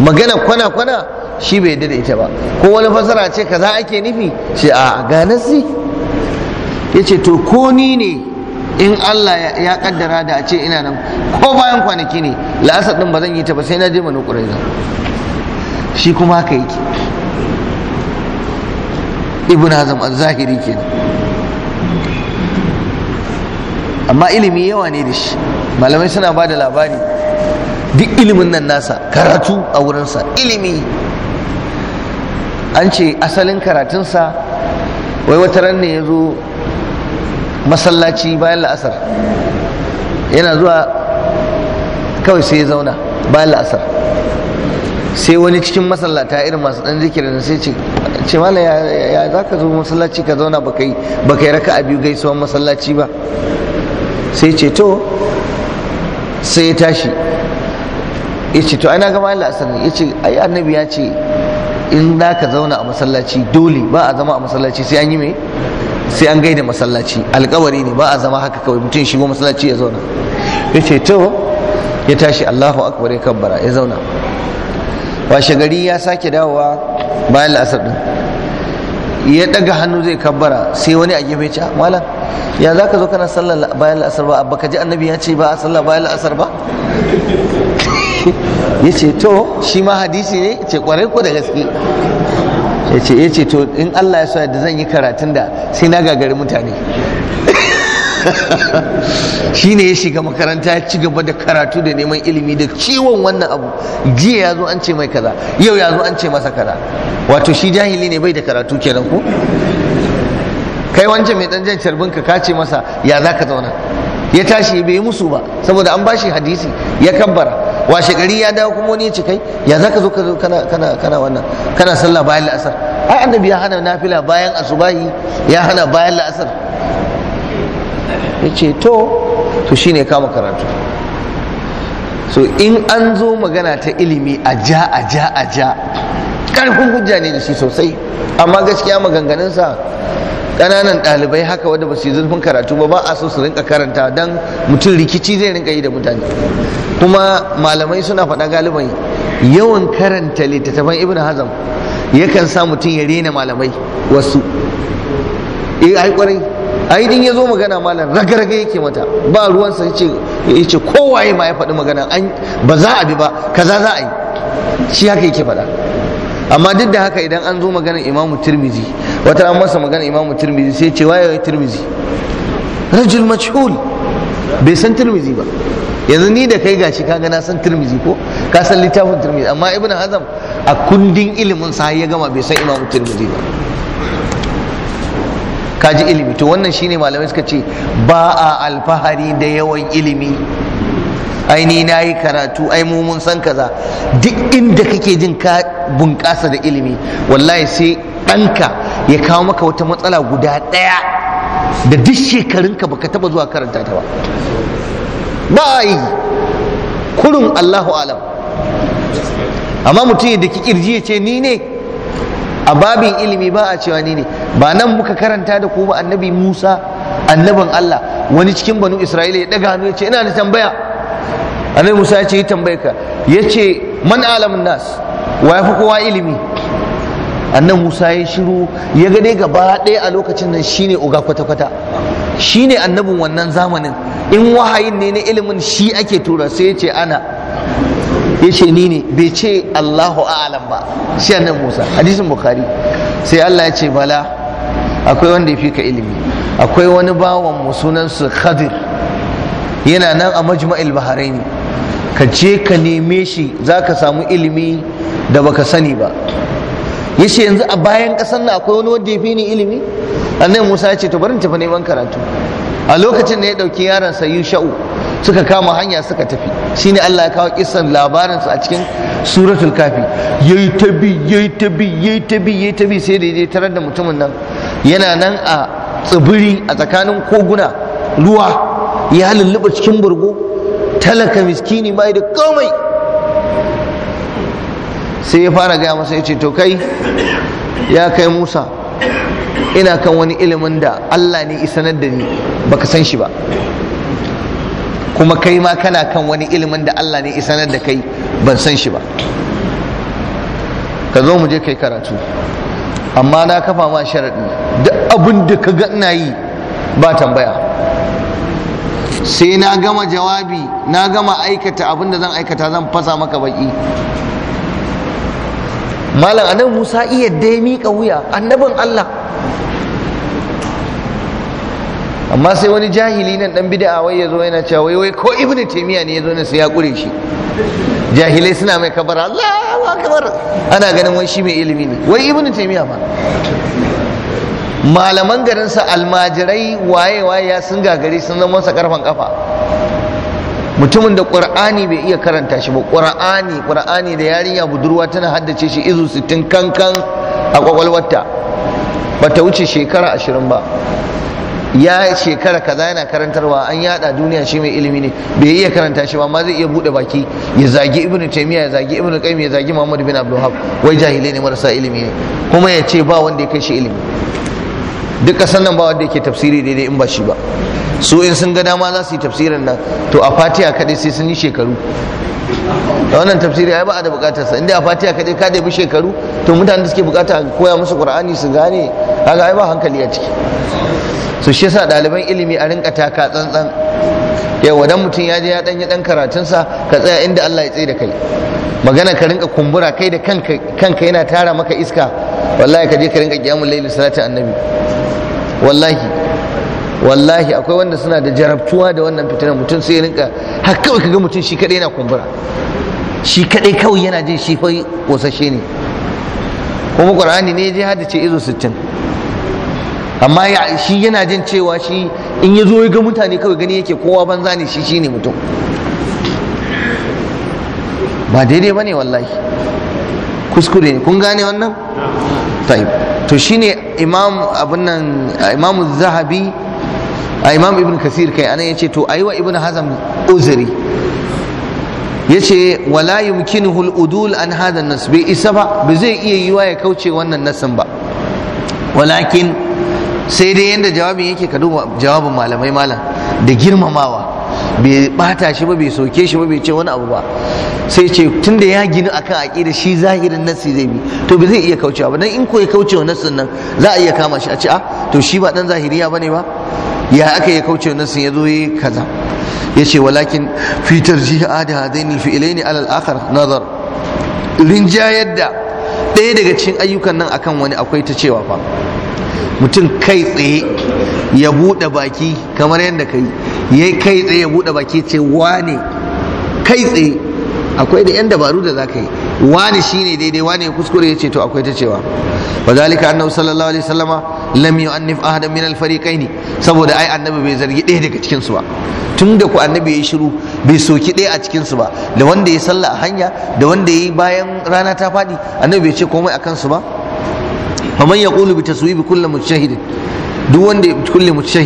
magana kwana-kwana shi bai yadda da ita ba ko wani fasara ce kaza ake nufi shi a ganasi ya ce to ko ni ne in Allah ya kaddara da a ce ina nan ko bayan kwanaki ne la'asar din ba zan yi ta ba sai na je manu ƙuraiza shi kuma haka yake ibn hazm az-zahiri kenan amma ilimi yawa ne da shi malamai suna ba da labari duk ilimin nan nasa karatu a wurinsa ilimi an ce asalin karatunsa wai wata ran ne ya zo masallaci bayan la'asar yana zuwa kawai sai ya zauna bayan la'asar sai wani cikin masallata irin masu dan zikirin sai ce ce mala ya za ka zo masallaci ka zauna ba ka yi raka a biyu gaisuwan masallaci ba sai ce to sai ya tashi ya ce to ana gama yin la'asar ne ya ce ai annabi ya ce in za ka zauna a masallaci dole ba a zama a masallaci sai an yi mai sai an gaida masallaci alkawari ne ba a zama haka kawai mutum shigo masallaci ya zauna ya ce to ya tashi allahu akbar ya kabbara ya zauna washe gari ya sake dawowa bayan la'asar din ya daga hannu zai kabbara sai wani a gefe ce ah, malam ya za ka zo kana sallar bayan la'asar ba abba ka ji annabi ya ce ba a sallar bayan la'asar ba ya ce to shi ma hadisi ne ce kwarai ko da gaske ya ce ya eh, ce to in Allah ya sa da zan yi karatun da sai na gagari mutane shi ne ya shiga makaranta ya ci gaba da karatu da neman ilimi da ciwon wannan abu jiya ya zo an ce mai kaza yau ya zo an ce masa kaza wato shi jahili ne bai da karatu kenan ko kai wancan mai ɗan jan carbinka ka ce masa ya za ka zauna ya tashi bai yi musu ba saboda an bashi hadisi ya kabbara washe gari ya dawo kuma wani ya ya zaka ka zo kana kana wannan kana sallah bayan la'asar ai annabi ya hana nafila bayan asubahi ya hana bayan la'asar yace to to shine kama karatu so in an zo magana ta ilimi a ja a ja a ja karfin hujja ne da shi sosai amma gaskiya maganganunsa ƙananan ɗalibai haka wanda ba su yi zurfin karatu ba ba a so su rinka karanta don mutum rikici zai rinka yi da mutane kuma malamai suna faɗa galibai yawan karanta littattafan ibn hazam yakan sa mutum ya rena malamai wasu eh ai kwarai ai din zo magana malam ragarga yake mata ba ruwansa sa ya ce kowaye ma ya faɗi magana ba za a bi ba kaza za a yi shi haka yake faɗa amma duk da haka idan an zo magana imamu tirmizi wata an masa magana imamu tirmizi sai ce waye tirmizi rajul majhul bai san tirmizi ba yanzu ni da kai gashi kaga na san tirmizi ko ka san littafin tirmizi amma ibnu hazam a kundin ilimin sa ya gama bai san imamu tirmizi ba kaji ilimi to wannan shine malamai suka ce ba a alfahari da yawan ilimi ai ni na yi karatu ai mu mun san kaza duk inda kake jin ka bunƙasa da ilimi wallahi sai ɗanka ya kawo maka wata matsala guda ɗaya da duk shekarunka baka taba zuwa karanta ta ba ba yi kurun allahu alam amma mutum da ki kirji ya ce ni ne a babin ilimi ba a cewa ni ne ba nan muka karanta da ku ba annabi musa annaban allah wani cikin banu isra'ila ya ɗaga hannu ya ce ina da tambaya annabi musa ya ce yi tambaye ka ya ce man alamun nas wa ya fi kowa ilimi annan musa ya shiru ya ga dai gaba ɗaya a lokacin nan shine oga kwata-kwata shine annabin wannan zamanin in wahayin ne na ilimin shi ake tura sai ya ce ana ya ce ni ne bai ce allahu a'alam ba shi annan musa hadisin bukari sai allah ya ce bala akwai wanda ya fi ka ilimi akwai wani bawan mu khadir yana nan a majma'il bahraini ka je ka neme shi za ka samu ilimi da baka sani ba ya ce yanzu a bayan ƙasar na akwai wani wanda ya fi ni ilimi annabi musa ya ce to bari tafi neman karatu a lokacin da ya ɗauki yaron sayi sha'u suka kama hanya suka tafi shine Allah ya kawo kisan labarin su a cikin suratul kafi yayi tabi yayi tabi yayi tabi yayi tabi sai da ya tarar da mutumin nan yana nan a tsibiri a tsakanin koguna ruwa ya lulluɓa cikin burgo talaka miskini bai da komai sai ya fara gaya masa ya ce to kai ya kai musa ina kan wani ilimin da allah ne isanar da ni baka san shi ba kuma kai ma kana kan wani ilimin da allah ne isanar da kai ban san shi ba ka zo mu je kai karatu amma na kafa ma sharaɗi duk abin da ka ga ina yi ba tambaya sai na gama jawabi na gama aikata abinda zan aikata zan fasa maka baki malam anan musa iya dai miƙa wuya annabin allah amma sai wani jahili nan dan bid'a wai yazo yana cewa wai wai ko ibn taymiya ne zo ne sai ya kure shi jahilai suna mai kabara Allahu akbar ana ganin wai shi mai ilimi ne wai ibn taymiya ba malaman garinsa almajirai waye waye ya sun gagari sun zama masa karfan kafa mutumin da qur'ani bai iya karanta shi ba qur'ani qur'ani da yarinya budurwa tana haddace shi izu sittin kankan a kwakwalwarta bata wuce shekara ashirin ba ya shekara kaza yana karantarwa an yada duniya shi mai ilimi ne bai iya karanta shi ba ma zai iya bude baki ya zagi ibnu taymiya ya zagi ibnu qayyim ya zagi muhammad bin abdul wai jahilai ne marasa ilimi ne kuma ya ce ba wanda ya kai shi ilimi duk kasan nan ba wanda yake tafsiri daidai in ba shi ba su in sun ga dama za su yi tafsirin nan to a fatiya kaɗai sai sun yi shekaru da wannan tafsiri ai ba a da bukatar sa inda a fatiya kaɗai ka bi shekaru to mutanen da suke bukata koya musu qur'ani su gane kaga ai ba hankali a ciki su shi yasa ɗaliban ilimi a rinka taka tsantsan Yau wadan mutum ya je ya ɗan yi ɗan karatunsa ka tsaya inda Allah ya tsaye da kai magana ka rinka kumbura kai da kanka kanka yana tara maka iska wallahi ka je ka rinka kiyamul laili salati annabi wallahi wallahi akwai wanda suna da jarabtuwa da wannan fitinar mutum sai rinka har kawai kaga mutum shi kadai yana kumbura shi kadai kawai yana jin shi fa kosashe ne kuma qur'ani ne je hada ce izo 60 amma shi yana jin cewa shi in ya zo ya ga mutane kawai gani yake kowa banza ne shi shine mutum ba daidai bane wallahi kuskure ne kun gane wannan ta'ib to shine imam nan zahabi a imam ibn kasir kai anan yace to yi wa ibn hazam uzuri yace wala yumkinuhu al-udul an hadha an-nas bai isa ba zai iya yiwa ya kauce wannan nasin ba walakin sai dai yanda jawabin yake ka duba jawabin malamai malam da girmamawa bai bata shi ba bai soke shi ba bai ce wani abu ba sai ce tunda ya gini akan aqida shi zahirin nasi zai bi to bai zai iya kaucewa ba dan in ko ya kauce wa nan za a iya kama shi a ce a ah, to shi ba dan zahiriya bane ba ya aka iya kauce wa nassin ya zo kaza ya ce walakin fi tarjih ada hadaini fi ilaini alal akhar nazar rinjayar da ɗaya daga cikin ayyukan nan akan wani akwai ta cewa fa mutum kai tsaye ya buɗe baki kamar yadda kai ya kai tsaye ya buɗe baki ce wane kai tsaye akwai da 'yan dabaru da za ka yi shi shine daidai wane ya kuskure ya ce to akwai ta cewa Ba za lika annabi sallallahu alaihi wasallama lam yu'annif ahadan min kai ne saboda ai annabi bai zargi ɗaya daga cikin su tun da ku annabi yi shiru bai soki ɗaya a cikin ba da wanda ya salla a hanya da wanda ya yi bayan rana ta faɗi annabi bai ce komai a kansu ba faman yaqulu bi taswibi kullu mujtahidin duk wanda ya kulle mutu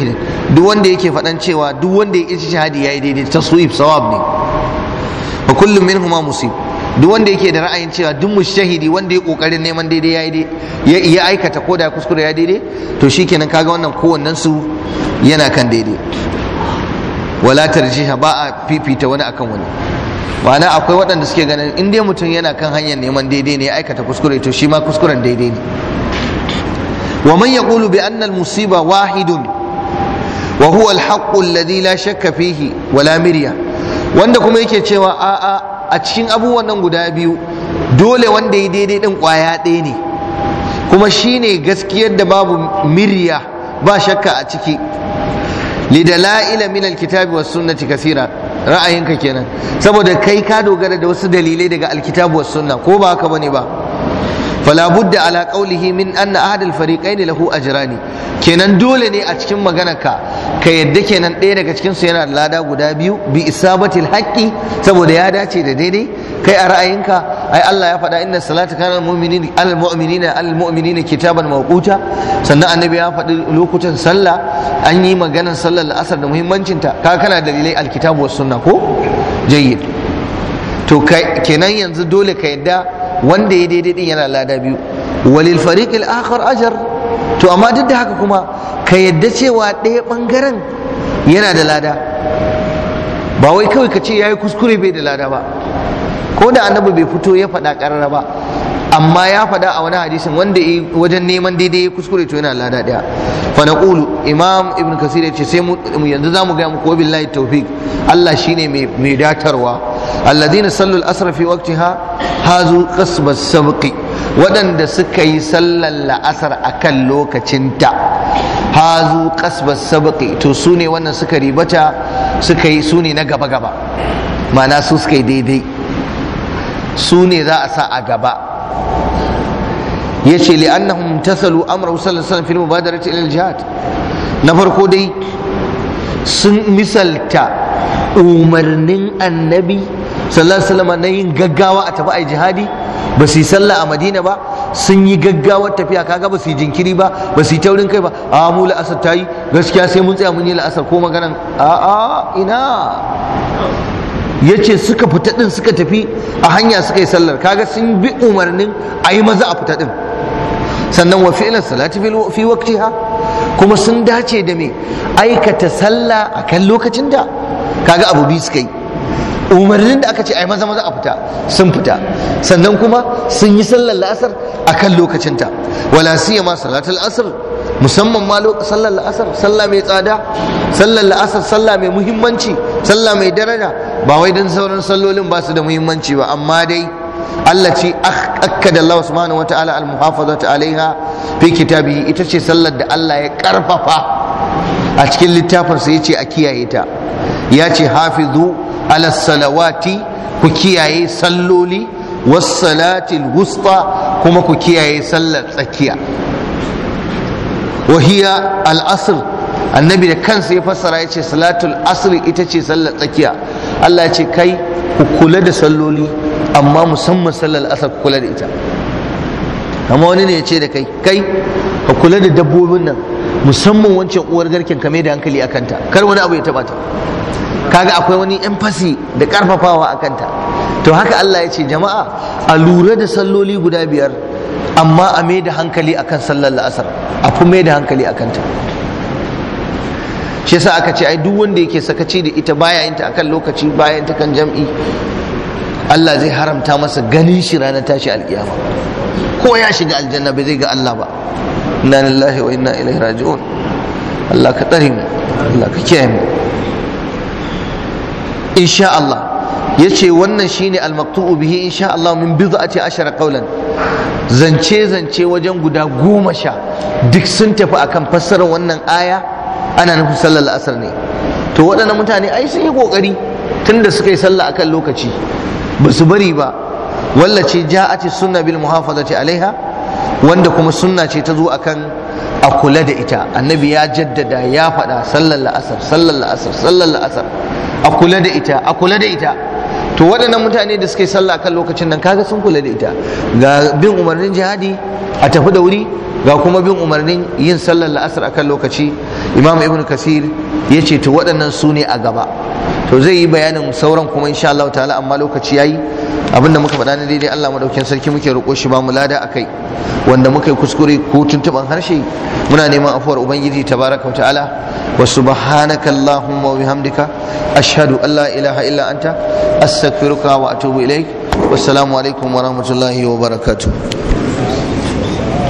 duk wanda yake faɗan cewa duk wanda ya ƙi shahadi ya yi daidai taswib sawab ne wa kullum min huma musib duk wanda yake da ra'ayin cewa duk mushahidi wanda ya kokarin neman daidai ya daidai ya aikata ko da kuskure ya daidai to shikenan kaga wannan kowannen su yana kan daidai wala tarjiha ba a fifita wani akan wani ma'ana akwai waɗanda suke ganin in dai mutum yana kan hanyar neman daidai ne aikata kuskure to shi ma kuskuren daidai ne ومن يقول بأن المصيبة واحد وهو الحق الذي لا شك فيه ولا مرية wanda kuma yake cewa a'a a cikin abubuwan nan guda biyu dole wanda ya daidai din kwaya ɗaya ne kuma shine gaskiyar da babu mirya ba shakka a ciki lidala'ila min alkitabi was sunnati kasira ra'ayinka kenan saboda kai ka dogara da wasu dalilai daga alkitabi was sunna ko ba haka bane ba fala budda ala qawlihi min anna ahad al fariqayn lahu ajrani kenan dole ne a cikin maganarka ka Ka yadda kenan ɗaya daga cikin su yana lada guda biyu bi isabatil haqqi saboda ya dace da daidai kai a ra'ayinka ai Allah ya faɗa inna salata kana mu'minin al mu'minina al mu'minina kitaban mawquta sannan annabi ya faɗi lokutan sallah an yi maganar sallar asar da muhimmancinta ka kana dalilai alkitabu was sunna ko jayyid to kenan yanzu dole ka yadda wanda ya daidai din yana lada biyu walil fariqil akhar ajar to amma duk da haka kuma ka yadda cewa ɗaya ɓangaren yana da lada ba wai kawai ka ce ya yi kuskure bai da lada ba ko da annabi bai fito ya faɗa ƙarara ba amma ya faɗa a wani hadisin wanda wajen neman daidai ya kuskure to yana lada ɗaya fa naqulu imam ibn kasir ya ce sai mu yanzu zamu ga muku billahi tawfiq Allah shine mai mai datarwa alladhina sallul asra asr fi ha. hazu qasbas sabqi waɗanda suka yi sallar la'asar a kan lokacinta hazu qasbas sabqi to su ne wannan suka ribata suka yi su ne na gaba gaba ma'ana su suka yi daidai su ne za a sa a gaba Ya yace li'annahum tasalu amra sallallahu alaihi wasallam fil mubadarati ila al-jihad na farko dai sun misalta umarnin annabi sallallahu alaihi wasallam na yin gaggawa a tafi a jihadi ba su yi sallah a madina ba sun yi gaggawar tafiya kaga ba su yi jinkiri ba ba su yi taurin kai ba a mu la'asar ta yi gaskiya sai mun tsaya mun yi la'asar ko maganan a a ina ya ce suka fita din suka tafi a hanya suka yi sallar kaga sun bi umarnin a yi maza a fita din sannan wa fi'lan salati fi waqtiha kuma sun dace da me aikata sallah akan lokacin da kaga abu bi suka yi umarnin da aka ce ai maza maza a fita sun fita sannan kuma sun yi sallar la'asar a kan lokacinta wala siyama salatul asr musamman ma sallar la'asar sallah mai tsada sallar la'asar sallah mai muhimmanci sallah mai daraja ba wai dan sauran sallolin ba su da muhimmanci ba amma dai Allah ce akkada Allah subhanahu wataala al-muhafazata alaiha fi kitabi ita ce sallar da Allah ya karfafa a cikin littafinsa ce a kiyaye ta ya ce hafizu Alasalawati, ku kiyaye salloli was salatil wusta kuma ku kiyaye sallar tsakiya wahiya al annabi da kansa ya fassara ya ce salatul asr ita ce sallar tsakiya Allah ya ce kai ku kula da salloli amma musamman sallar asar ku kula da ita amma wani ne ya ce da kai kai ka kula da dabbobin nan musamman wancan uwar garken ka da hankali a kanta kar wani abu ya taba ta kaga akwai wani emphasis da karfafawa a kanta to haka Allah ya ce jama'a a lura da salloli guda biyar amma a mai da hankali akan sallar la'asar a fi mai da hankali a kanta shi yasa aka ce ai duk wanda yake sakaci da ita baya yin ta akan lokaci baya ta kan jam'i Allah zai haramta masa ganin shi ranar tashi alkiyama ko ya shiga aljanna bai zai ga Allah ba inna lillahi wa inna ilaihi raji'un Allah ka tsare mu Allah ka kiyaye mu insha Allah ce wannan shine al-maqtu'u bihi insha Allah min bid'ati ashara qawlan zance zance wajen guda goma sha duk sun tafi akan fassarar wannan aya ana nufin sallar la'asar ne to waɗannan mutane ai sun yi ƙoƙari tunda suka yi sallah akan lokaci ba su bari ba wallace ja'ati sunna bil muhafazati alaiha wanda kuma sunna ce ta zo akan a kula da ita annabi ya jaddada ya faɗa sallar la'asar sallar la'asar sallar la'asar a kula da ita a kula da ita to waɗannan mutane da suke sallah kan lokacin nan kaga sun kula da ita ga bin umarnin jihadi a tafi da wuri ga kuma bin umarnin yin sallar la'asar a kan lokaci imam ibn kasir ya ce to waɗannan su ne a gaba to zai yi bayanin sauran kuma insha Allah ta'ala amma lokaci yayi abinda muka faɗa na daidai Allah madaukin sarki muke roƙo shi ba mu lada akai wanda muka yi kuskure ko tuntuban harshe muna neman afuwar ubangiji tabaraka ta'ala wa subhanaka allahumma wa bihamdika ashhadu an la ilaha illa anta astaghfiruka wa atubu ilaik wassalamu alaikum wa rahmatullahi wa barakatuh